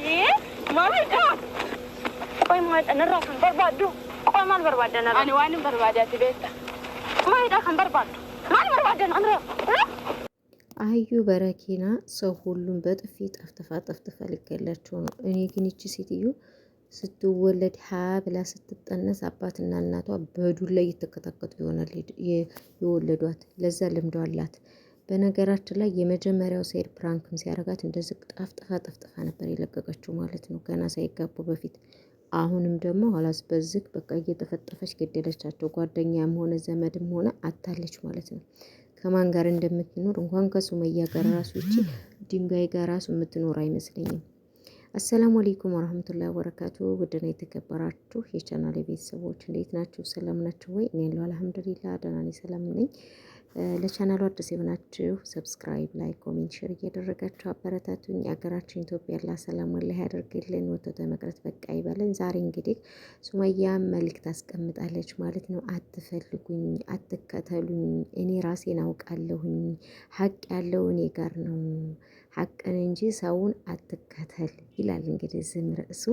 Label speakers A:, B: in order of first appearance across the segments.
A: አህዩ
B: በረኪና ሰው ሁሉም በጥፊ ጠፍጥፋ ጠፍጥፋ ሊገላቸው ነው። እኔ ግን ይቺ ሴትዮ ስትወለድ ሀ ብላ ስትጠነስ አባትና እናቷ በዱላ እየተከታከቱ ይሆናል የወለዷት። ለዛ ልምዷ አላት። በነገራችን ላይ የመጀመሪያው ሰይድ ፕራንክም ሲያደርጋት እንደዚህ ጠፍጥፋ ጠፍጥፋ ነበር የለቀቀችው ማለት ነው፣ ገና ሳይጋቡ በፊት። አሁንም ደግሞ ኋላስ በዚህ በቃ እየጠፈጠፈች ገደለቻቸው። ጓደኛም ሆነ ዘመድም ሆነ አታለች ማለት ነው። ከማን ጋር እንደምትኖር እንኳን ከሱመያ ጋር ራሱ ይቺ ድንጋይ ጋር ራሱ የምትኖር አይመስለኝም። አሰላሙ አሌይኩም ወረህመቱላሂ ወበረካቱ። ውድና የተከበራችሁ የቻናል ቤተሰቦች እንዴት ናችሁ? ሰላም ናችሁ ወይ? እኔ ያለው አልሐምዱሊላ ደህና ነኝ፣ ሰላም ነኝ። ለቻናሉ አዲስ የሆናችሁ ሰብስክራይብ፣ ላይ ኮሜንት፣ ሼር እያደረጋችሁ አበረታቱኝ። የሀገራችን ኢትዮጵያ ላ ሰላም ላይ ያደርግልን፣ ወጥቶ መቅረት በቃ ይበለን። ዛሬ እንግዲህ ሱመያ መልእክት አስቀምጣለች ማለት ነው። አትፈልጉኝ፣ አትከተሉኝ፣ እኔ ራሴን አውቃለሁኝ። ሀቅ ያለው እኔ ጋር ነው። ሀቅን እንጂ ሰውን አትከተል ይላል እንግዲህ ዝም ርዕሱ።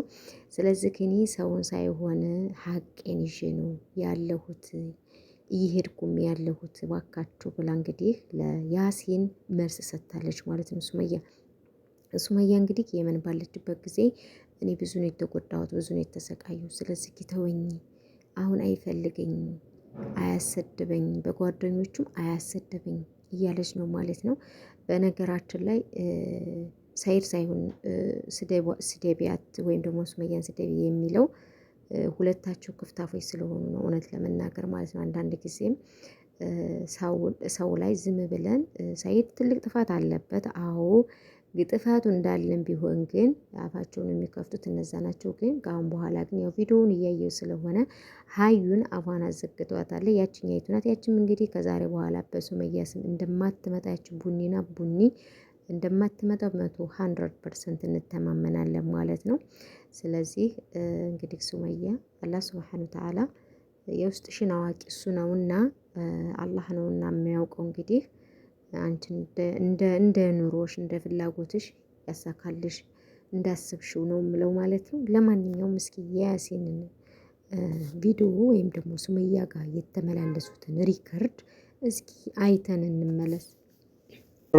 B: ስለዚህ እኔ ሰውን ሳይሆን ሀቅ ይዤ ነው ያለሁት እየሄድኩም ያለሁት እባካችሁ ብላ እንግዲህ ለያሲን መልስ ሰጥታለች ማለት ነው ሱመያ። ሱመያ እንግዲህ የመን ባለችበት ጊዜ እኔ ብዙ ነው የተጎዳሁት፣ ብዙ ነው የተሰቃየሁ። ስለዚህ ኪተወኝ አሁን አይፈልገኝ አያሰድበኝ፣ በጓደኞቹም አያሰድበኝ እያለች ነው ማለት ነው። በነገራችን ላይ ሰይድ ሳይሆን ስደቢያት ወይም ደግሞ ሱመያን ስደቢ የሚለው ሁለታቸው ክፍታፎች ስለሆኑ ነው እውነት ለመናገር ማለት ነው። አንዳንድ ጊዜም ሰው ላይ ዝም ብለን ሰኢድ ትልቅ ጥፋት አለበት። አዎ ጥፋቱ እንዳለን ቢሆን ግን አፋቸውን የሚከፍቱት እነዛ ናቸው። ግን ከአሁን በኋላ ግን ያው ቪዲዮውን እያየው ስለሆነ ሀዩን አፏን አዘግተዋታለች። ያችኛይቱ ናት። ያችም እንግዲህ ከዛሬ በኋላ በሱመያ ስም እንደማትመጣ ያች ቡኒ ናት። ቡኒ እንደማትመጣ መቶ ሀንድረድ ፐርሰንት እንተማመናለን ማለት ነው። ስለዚህ እንግዲህ ሱመያ አላህ ስብሓን ተዓላ የውስጥሽን አዋቂ እሱ ነውና አላህ ነውና የሚያውቀው እንግዲህ አንቺ እንደ ኑሮሽ እንደ ፍላጎትሽ ያሳካልሽ እንዳስብሽው ነው የምለው ማለት ነው። ለማንኛውም እስኪ የያሴንን ቪዲዮ ወይም ደግሞ ሱመያ ጋር የተመላለሱትን ሪከርድ እስኪ አይተን እንመለስ።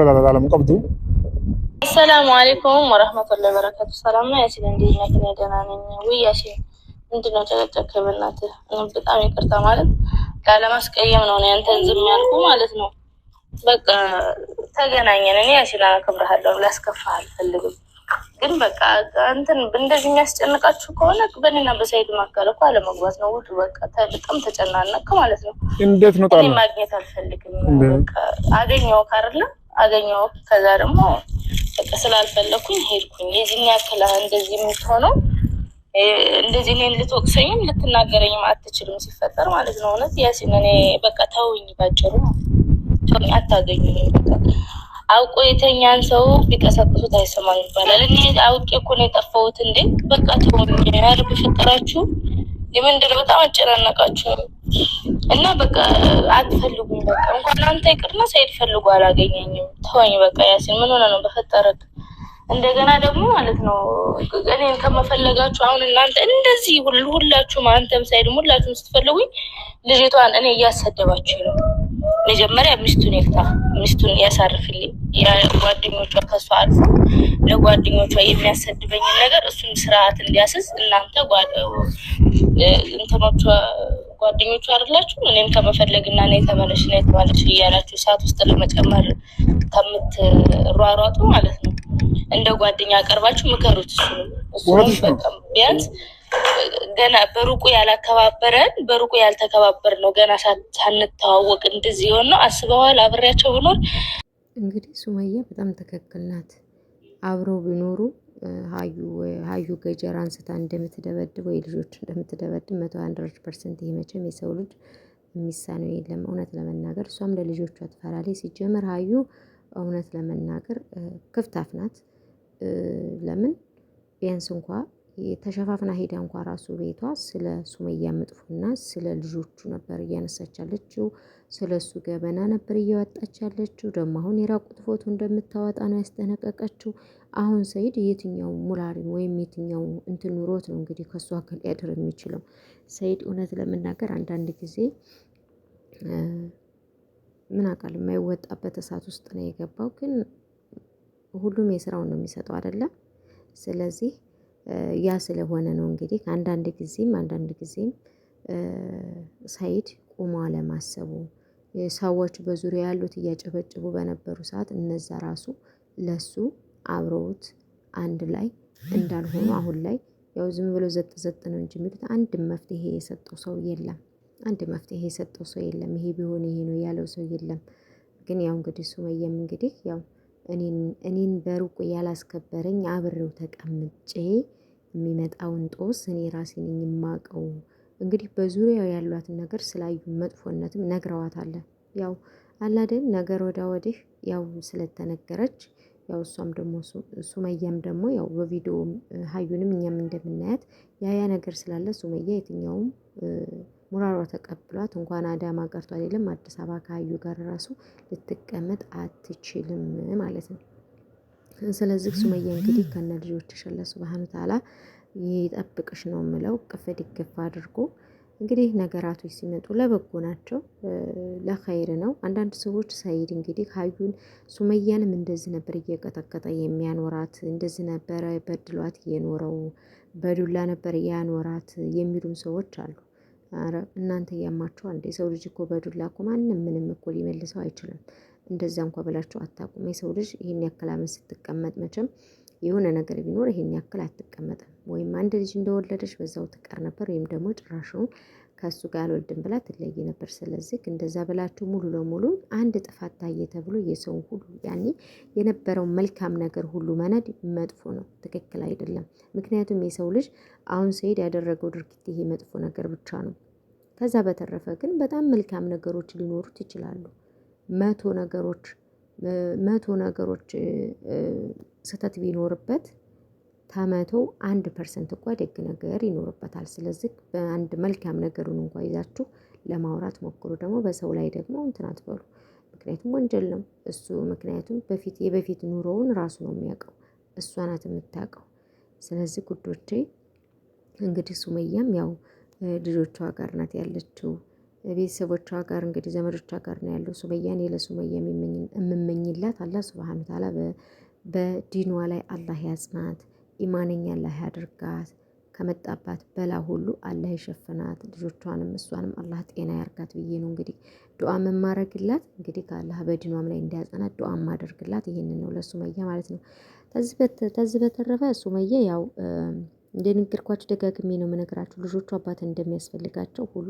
B: ረዳዳት
A: ቀብቱ አሰላሙ አሌይኩም ወረህመቱላ በረካቱ። ሰላም ነው ያሲን፣ እንዴት ነህ? እኔ ደህና ነኝ። ውይ ያሲን፣ ምንድን ነው ጨቀጨክ? በእናትህ በጣም ይቅርታ ማለት ላለማስቀየም ነው ያንተን ዝም ያልኩ ማለት ነው። በቃ ተገናኘን። እኔ ያሲን አከብርሃለሁ፣ ላስከፋህ አልፈልግም። ግን በቃ እንትን እንደዚህ የሚያስጨንቃችሁ ከሆነ በእኔና በሳይድ መካከል እኮ አለመግባት ነው። ውጡ በቃ በጣም ተጨናነቅ ማለት ነው። እንዴት ነው ማግኘት አልፈልግም። አገኘው ካርላ አገኘው። ከዛ ደግሞ በቃ ስላልፈለኩኝ ሄድኩኝ። የዚህን ያክል እንደዚህ የምትሆነው እንደዚህ እኔን ልትወቅሰኝም ልትናገረኝም አትችልም። ሲፈጠር ማለት ነው እውነት ያሲን እኔ በቃ ተውኝ፣ ባጭሩ አታገኙኝ። አውቆ የተኛን ሰው ቢቀሰቅሱት አይሰማም ይባላል። እኔ አውቄ እኮ ነው የጠፋሁት። እንዴ በቃ ተውኝ፣ ያል ፍቅራችሁ የምንድነው? በጣም አጨናነቃችሁ እና በቃ አትፈልጉም። በቃ እንኳን አንተ ይቅርና ሳይድ ፈልጉ አላገኘኝም። ተወኝ በቃ ያሲን፣ ምን ሆነ ነው በፈጠረክ። እንደገና ደግሞ ማለት ነው እኔን ከመፈለጋችሁ አሁን እናንተ እንደዚህ ሁላችሁም፣ አንተም ሳይድም ሁላችሁም ስትፈልጉኝ ልጅቷን እኔ እያሰደባችሁ ነው። መጀመሪያ ሚስቱን ይፍታ፣ ሚስቱን ያሳርፍልኝ። ጓደኞቿ ከሷ አልፎ ለጓደኞቿ የሚያሰድበኝን ነገር እሱን ስርዓት እንዲያስዝ እናንተ እንትኖቿ ጓደኞቹ አይደላችሁ እኔም ከመፈለግ እና ና የተመለሽ ና የተባለች እያላችሁ ሰዓት ውስጥ ለመጨመር ከምትሯሯጡ ማለት ነው እንደ ጓደኛ አቀርባችሁ ምከሩት። ቢያንስ ገና በሩቁ ያላከባበረን በሩቁ ያልተከባበር ነው ገና ሳንተዋወቅ እንደዚህ የሆን ነው አስበዋል። አብሬያቸው ብኖር
B: እንግዲህ ሱመያ በጣም ትክክል ናት። አብረው ቢኖሩ ሀዩ ሀዩ ገጀራ አንስታ እንደምትደበድብ ወይ ልጆች እንደምትደበድብ መቶ አንድ ፐርሰንት ይሄ መቼም የሰው ልጅ የሚሳነው የለም። እውነት ለመናገር እሷም ለልጆቿ ትፈራለች። ሲጀመር ሀዩ እውነት ለመናገር ክፍታፍ ናት። ለምን ቢያንስ እንኳ የተሸፋፍና ሄዳ እንኳ ራሱ ቤቷ ስለ ሱመያ መጥፎና ስለ ልጆቹ ነበር እያነሳች ያለችው። ስለ እሱ ገበና ነበር እያወጣች ያለችው። ደግሞ አሁን የራቁት ፎቶ እንደምታወጣ ነው ያስጠነቀቀችው። አሁን ሰይድ የትኛው ሙራሪ ወይም የትኛው እንትን ኑሮት ነው እንግዲህ ከእሷ አካል ሊያድር የሚችለው? ሰይድ እውነት ለመናገር አንዳንድ ጊዜ ምን አውቃለሁ የማይወጣበት እሳት ውስጥ ነው የገባው። ግን ሁሉም የስራውን ነው የሚሰጠው አይደለም። ስለዚህ ያ ስለሆነ ነው እንግዲህ አንዳንድ ጊዜም አንዳንድ ጊዜም ሰኢድ ቁሞ አለማሰቡ ሰዎች በዙሪያ ያሉት እያጨበጭቡ በነበሩ ሰዓት እነዛ ራሱ ለሱ አብረውት አንድ ላይ እንዳልሆኑ አሁን ላይ ያው ዝም ብሎ ዘጥ ዘጥ ነው እንጂ የሚሉት አንድ መፍትሄ የሰጠው ሰው የለም። አንድ መፍትሄ የሰጠው ሰው የለም። ይሄ ቢሆን ይሄ ነው ያለው ሰው የለም። ግን ያው እንግዲህ ሱመያም እንግዲህ ያው እኔን እኔን በሩቁ ያላስከበረኝ አብሬው ተቀምጬ የሚመጣውን ጦስ እኔ ራሴን የማቀው እንግዲህ በዙሪያው ያሏትን ነገር ስላዩ መጥፎነትም ነግረዋታለን። ያው አላደን ነገር ወዲያ ወዲህ ያው ስለተነገረች ያው እሷም ደግሞ ሱመያም ደግሞ ያው በቪዲዮ ሀዩንም እኛም እንደምናያት ያያ ነገር ስላለ ሱመያ የትኛውም ሙራሯ ተቀብሏት እንኳን አዳማ ቀርቶ አይደለም አዲስ አበባ ከሀዩ ጋር ራሱ ልትቀመጥ አትችልም ማለት ነው። ስለዚህ ሱመያ እንግዲህ ከነ ልጆች ተሸለሱ ባህኑ ታላ ይጠብቅሽ ነው የምለው። ቅፍ ድግፍ አድርጎ እንግዲህ ነገራቶች ሲመጡ ለበጎ ናቸው፣ ለኸይር ነው። አንዳንድ ሰዎች ሰይድ እንግዲህ ሀዩን ሱመያንም እንደዚህ ነበር እየቀጠቀጠ የሚያኖራት እንደዚህ ነበረ በድሏት እየኖረው በዱላ ነበር ያኖራት የሚሉም ሰዎች አሉ። አረ እናንተ ያማችሁ አንድ የሰው ልጅ እኮ በዱላ እኮ ማንም ምንም እኮ ሊመልሰው አይችልም። እንደዛ እንኳ ብላችሁ አታቁም። የሰው ልጅ ይህን ያክል አመት ስትቀመጥ መቼም የሆነ ነገር ቢኖር ይሄን ያክል አትቀመጥም። ወይም አንድ ልጅ እንደወለደች በዛው ትቀር ነበር፣ ወይም ደግሞ ጭራሹን ከእሱ ጋር አልወልድም ብላ ትለይ ነበር። ስለዚህ እንደዛ ብላችሁ ሙሉ ለሙሉ አንድ ጥፋት ታየ ተብሎ የሰው ሁሉ ያኔ የነበረው መልካም ነገር ሁሉ መናድ መጥፎ ነው፣ ትክክል አይደለም። ምክንያቱም የሰው ልጅ አሁን ሰይድ ያደረገው ድርጊት ይሄ መጥፎ ነገር ብቻ ነው። ከዛ በተረፈ ግን በጣም መልካም ነገሮች ሊኖሩት ይችላሉ። መቶ ነገሮች መቶ ነገሮች ስህተት ቢኖርበት ከመቶ አንድ ፐርሰንት እኳ ደግ ነገር ይኖርበታል። ስለዚህ በአንድ መልካም ነገሩን እንኳ ይዛችሁ ለማውራት ሞክሩ። ደግሞ በሰው ላይ ደግሞ እንትን አትበሉ ምክንያቱም ወንጀል ነው እሱ ምክንያቱም በፊት የበፊት ኑሮውን ራሱ ነው የሚያውቀው እሷ ናት የምታውቀው። ስለዚህ ጉዶቼ እንግዲህ ሱመያም ያው ልጆቿ ጋር ናት ያለችው ቤተሰቦቿ ጋር እንግዲህ ዘመዶቿ ጋር ነው ያለው ሱመያ እኔ ለሱመያ የምመኝላት አላህ ሱብሃነ ወተዓላ በዲኗ ላይ አላህ ያጽናት፣ ኢማነኛ አላህ ያድርጋት፣ ከመጣባት በላ ሁሉ አላህ ይሸፍናት፣ ልጆቿንም እሷንም አላህ ጤና ያርጋት ብዬ ነው እንግዲህ ዱዓ መማረግላት። እንግዲህ ከአላህ በዲኗም ላይ እንዲያጸናት ዱዓ ማደርግላት ይሄንን ነው ለሱመያ ማለት ነው። ከዚህ በተረፈ ሱመያ ያው እንደነገርኳችሁ ደጋግሜ ነው የምነግራችሁ ልጆቹ አባት እንደሚያስፈልጋቸው ሁሉ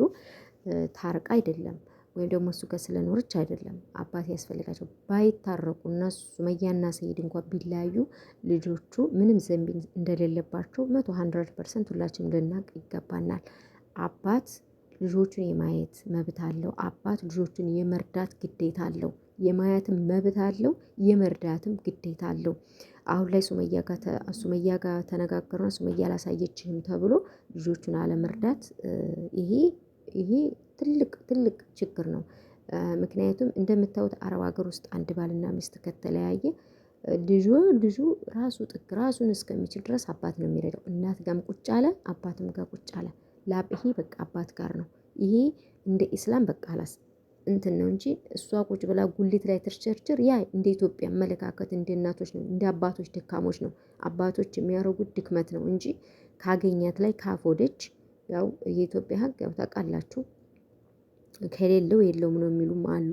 B: ታርቃ አይደለም ወይም ደግሞ እሱ ጋር ስለኖረች አይደለም። አባት ያስፈልጋቸው ባይታረቁ እና ሱመያና ሰኢድ እንኳ ቢለያዩ ልጆቹ ምንም ዘንብ እንደሌለባቸው መቶ ሀንድረድ ፐርሰንት ሁላችንም ልናቅ ይገባናል። አባት ልጆቹን የማየት መብት አለው። አባት ልጆቹን የመርዳት ግዴታ አለው። የማየትም መብት አለው፣ የመርዳትም ግዴታ አለው። አሁን ላይ ሱመያ ጋር ተነጋገሩና ሱመያ አላሳየችህም ተብሎ ልጆቹን አለመርዳት ይሄ ይሄ ትልቅ ትልቅ ችግር ነው። ምክንያቱም እንደምታዩት አረብ ሀገር ውስጥ አንድ ባልና ሚስት ከተለያየ ልጁ ልጁ ራሱ ጥግ ራሱን እስከሚችል ድረስ አባት ነው የሚረዳው። እናት ጋም ቁጭ አለ፣ አባትም ጋር ቁጭ አለ። ላብሄ በቃ አባት ጋር ነው። ይሄ እንደ ኢስላም በቃ አላስ እንትን ነው እንጂ እሷ ቁጭ ብላ ጉሊት ላይ ትርቸርችር። ያ እንደ ኢትዮጵያ አመለካከት እንደ እናቶች ነው፣ እንደ አባቶች ደካሞች ነው። አባቶች የሚያደርጉት ድክመት ነው እንጂ ካገኛት ላይ ካፎደች ያው የኢትዮጵያ ሕግ ያው ታውቃላችሁ ከሌለው የለውም ነው የሚሉም አሉ።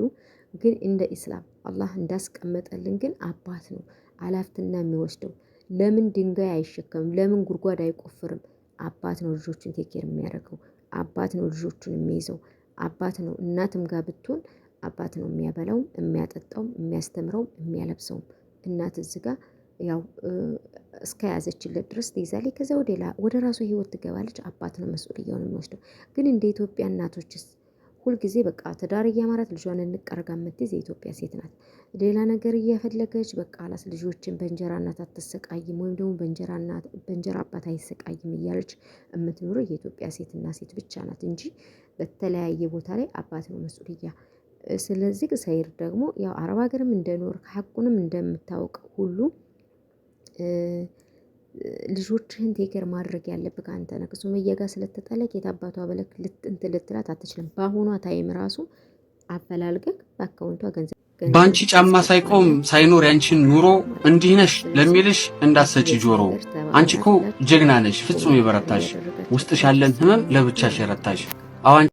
B: ግን እንደ ኢስላም አላህ እንዳስቀመጠልን ግን አባት ነው አላፍትና የሚወስደው ለምን ድንጋይ አይሸከምም? ለምን ጉድጓድ አይቆፍርም? አባት ነው ልጆቹን ቴኬር የሚያደርገው አባት ነው ልጆቹን የሚይዘው አባት ነው። እናትም ጋር ብትሆን አባት ነው የሚያበላውም የሚያጠጣውም የሚያስተምረውም የሚያለብሰውም። እናት እዚህ ጋር ያው ያዘችለት ድረስ ትይዛለች። ከዚያ ወደ ራሱ ህይወት ትገባለች። አባት ነው መስኡልያውን የሚወስደው። ግን እንደ ኢትዮጵያ እናቶችስ ሁልጊዜ በቃ ትዳር እያማራት ልጇን እንቀርጋ የምትይዝ የኢትዮጵያ ሴት ናት። ሌላ ነገር እየፈለገች በቃ አላስ ልጆችን በእንጀራ እናት አትሰቃይም ወይም ደግሞ በእንጀራ አባት አይሰቃይም እያለች የምትኖረው የኢትዮጵያ ሴትና ሴት ብቻ ናት እንጂ በተለያየ ቦታ ላይ አባት ነው መስሉያ። ስለዚህ ሰይድ ደግሞ ያው አረብ ሀገርም እንደኖር ሀቁንም እንደምታውቅ ሁሉ ልጆችህን ቴክር ማድረግ ያለብህ አንተ ነህ። ሱመያ ጋር ስለተጣለቅ የታባቷ በለክ እንትን ልትላት አትችልም። በአሁኗ ታይም ራሱ አፈላልገህ በአካውንቷ ገንዘብ
C: በአንቺ ጫማ ሳይቆም ሳይኖር ያንቺን ኑሮ እንዲህ ነሽ ለሚልሽ እንዳሰጪ ጆሮ። አንቺ እኮ ጀግና ነሽ፣ ፍጹም የበረታሽ ውስጥሽ ያለን ህመም ለብቻሽ የረታሽ አዋን